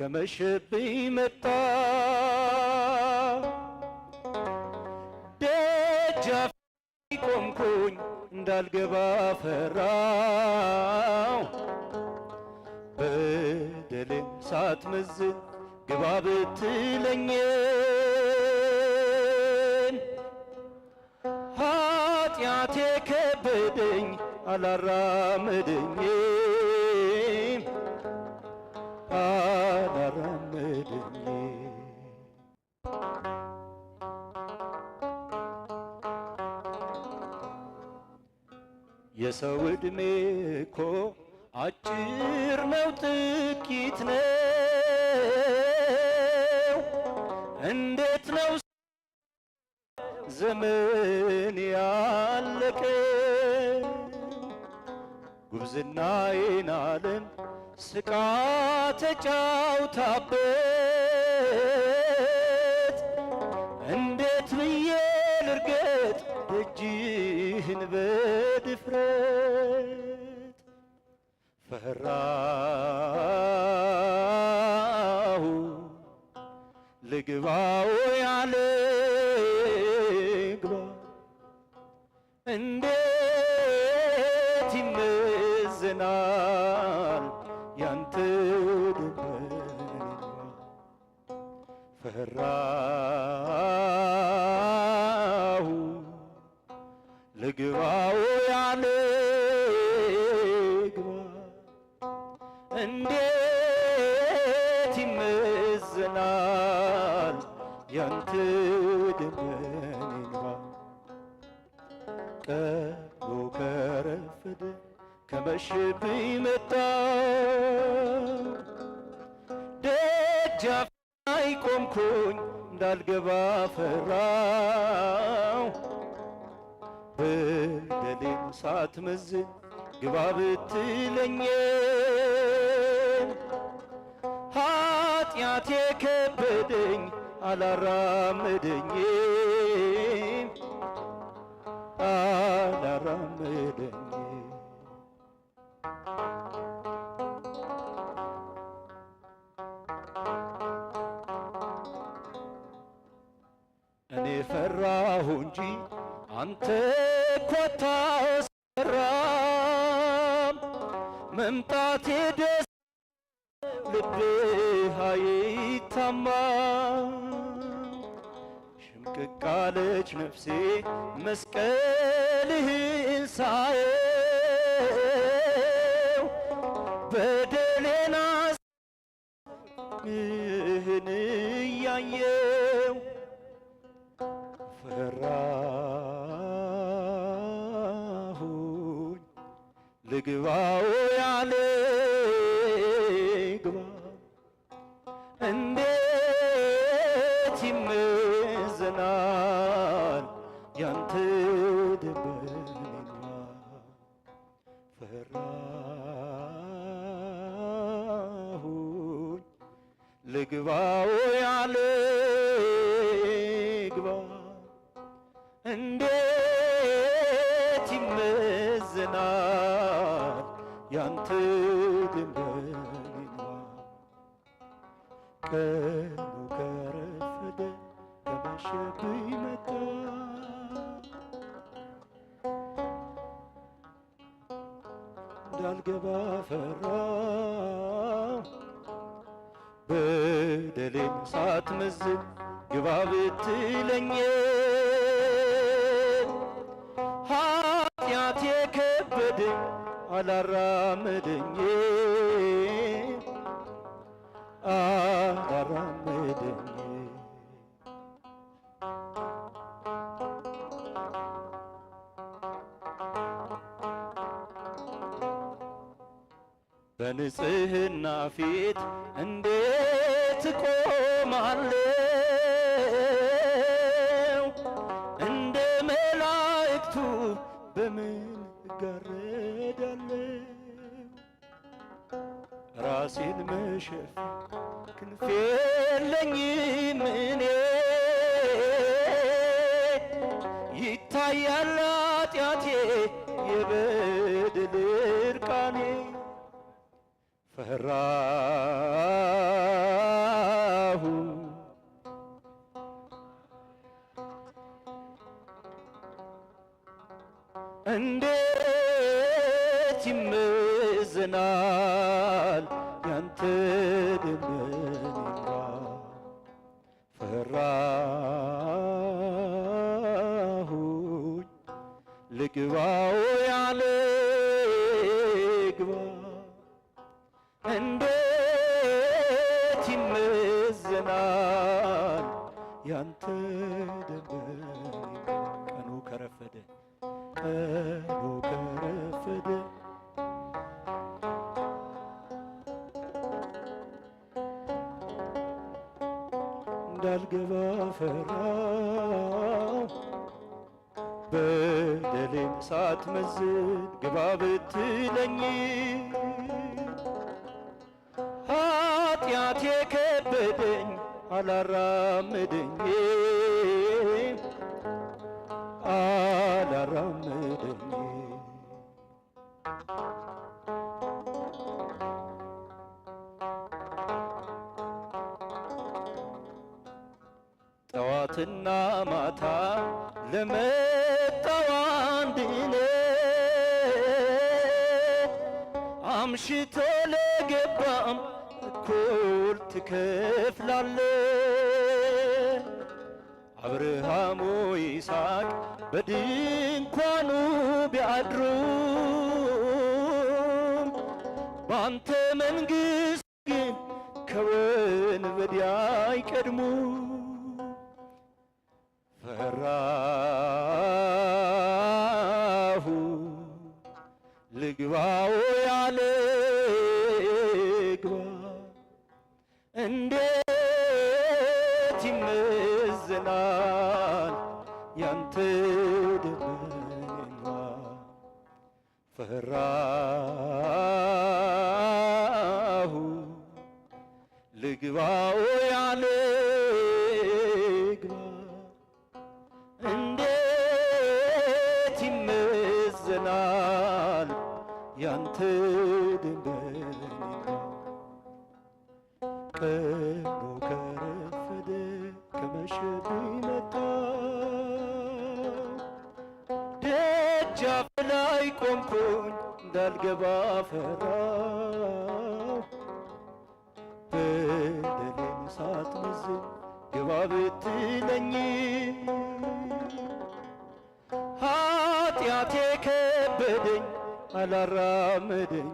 ከመሸብኝ መጣ ደጃፍ ቆምኩኝ እንዳልገባ ፈራው በደሌ ሳትመዝን ግባ ብትለኝን ኃጢአቴ ከበደኝ አላራመደኝ የሰው ዕድሜ እኮ አጭር ነው፣ ጥቂት ነው። እንዴት ነው ዘመን ያለቀ ጉብዝናዬን ዓለም ስቃ ተጫውታበት በድፍረት ፈራሁ ልግባው ያለ ግባ እንዴት ይመዘናል ያንተ ፈራ ግባው ያለ ግባ እንዴት ይመዘናል ያንተ ደመና ግባ ቀሎ ከረፈደ ከመሸብኝ መጣ ደጃፍ ላይ ቆምኩኝ እንዳልገባ ፈራው በደሌን ሳትመዝን ግባ ብትለኝ ኃጢአቴ ከበደኝ አላራመደኝ አላራመደኝም እኔ ፈራሁ እንጂ አንተ እኮ አታስፈራም መምጣቴ ደስ ልብህ አይታማም ሽምቅቅ አለች ነፍሴ መስቀልህን ሳየው በደሌና ህን እያየው ልግባው ያለ ግባ እንዴት dedim benim var كانوا كرفدا كما شابي متى ዳልገባ ፈራ በደሌም ሳትመዝን ግባ ብትለኝ ኃጢአት የከበደኝ አላራመደኝ በንጽህና ፊት እንዴት እቆማለሁ? እንደ መላእክቱ በምን እጋረዳለሁ? ራሴን መሸፈን ክንፍ የለኝም እኔ ይታያል ኃጢአቴ የበደል እርቃኔ ፈራሁ እንዴት ይመዘናል ያንተ ደመና ፈራሁ ልግባው እንዳልገባ ፈራው በደሌም ሳትመዝን ግባ ብትለኝ ኃጢአቴ ከበደኝ አላራምደኝ ጠዋትና ማታ ለመጣው አንድኔ አምሽቶ ለገባም እኩል ትከፍላለ አብርሃሙ ይስሐቅ በድንኳኑ ቢያድሩም ባንተ መንግሥት ግን ከወንበዴ አይቀድሙ እንዴት ይመዝናል ያንተ ደመና ፈራሁ ልግባው ያለ ያንተ ቀኑ ከረፈደ ከመሸ ቢመጣው ደጃፍ ላይ ቆምኩኝ እንዳልገባ ፈራው። በደሌን ሳትመዝን ግባ ብትለኝ ኃጢአቴ ከበደኝ አላራመደኝ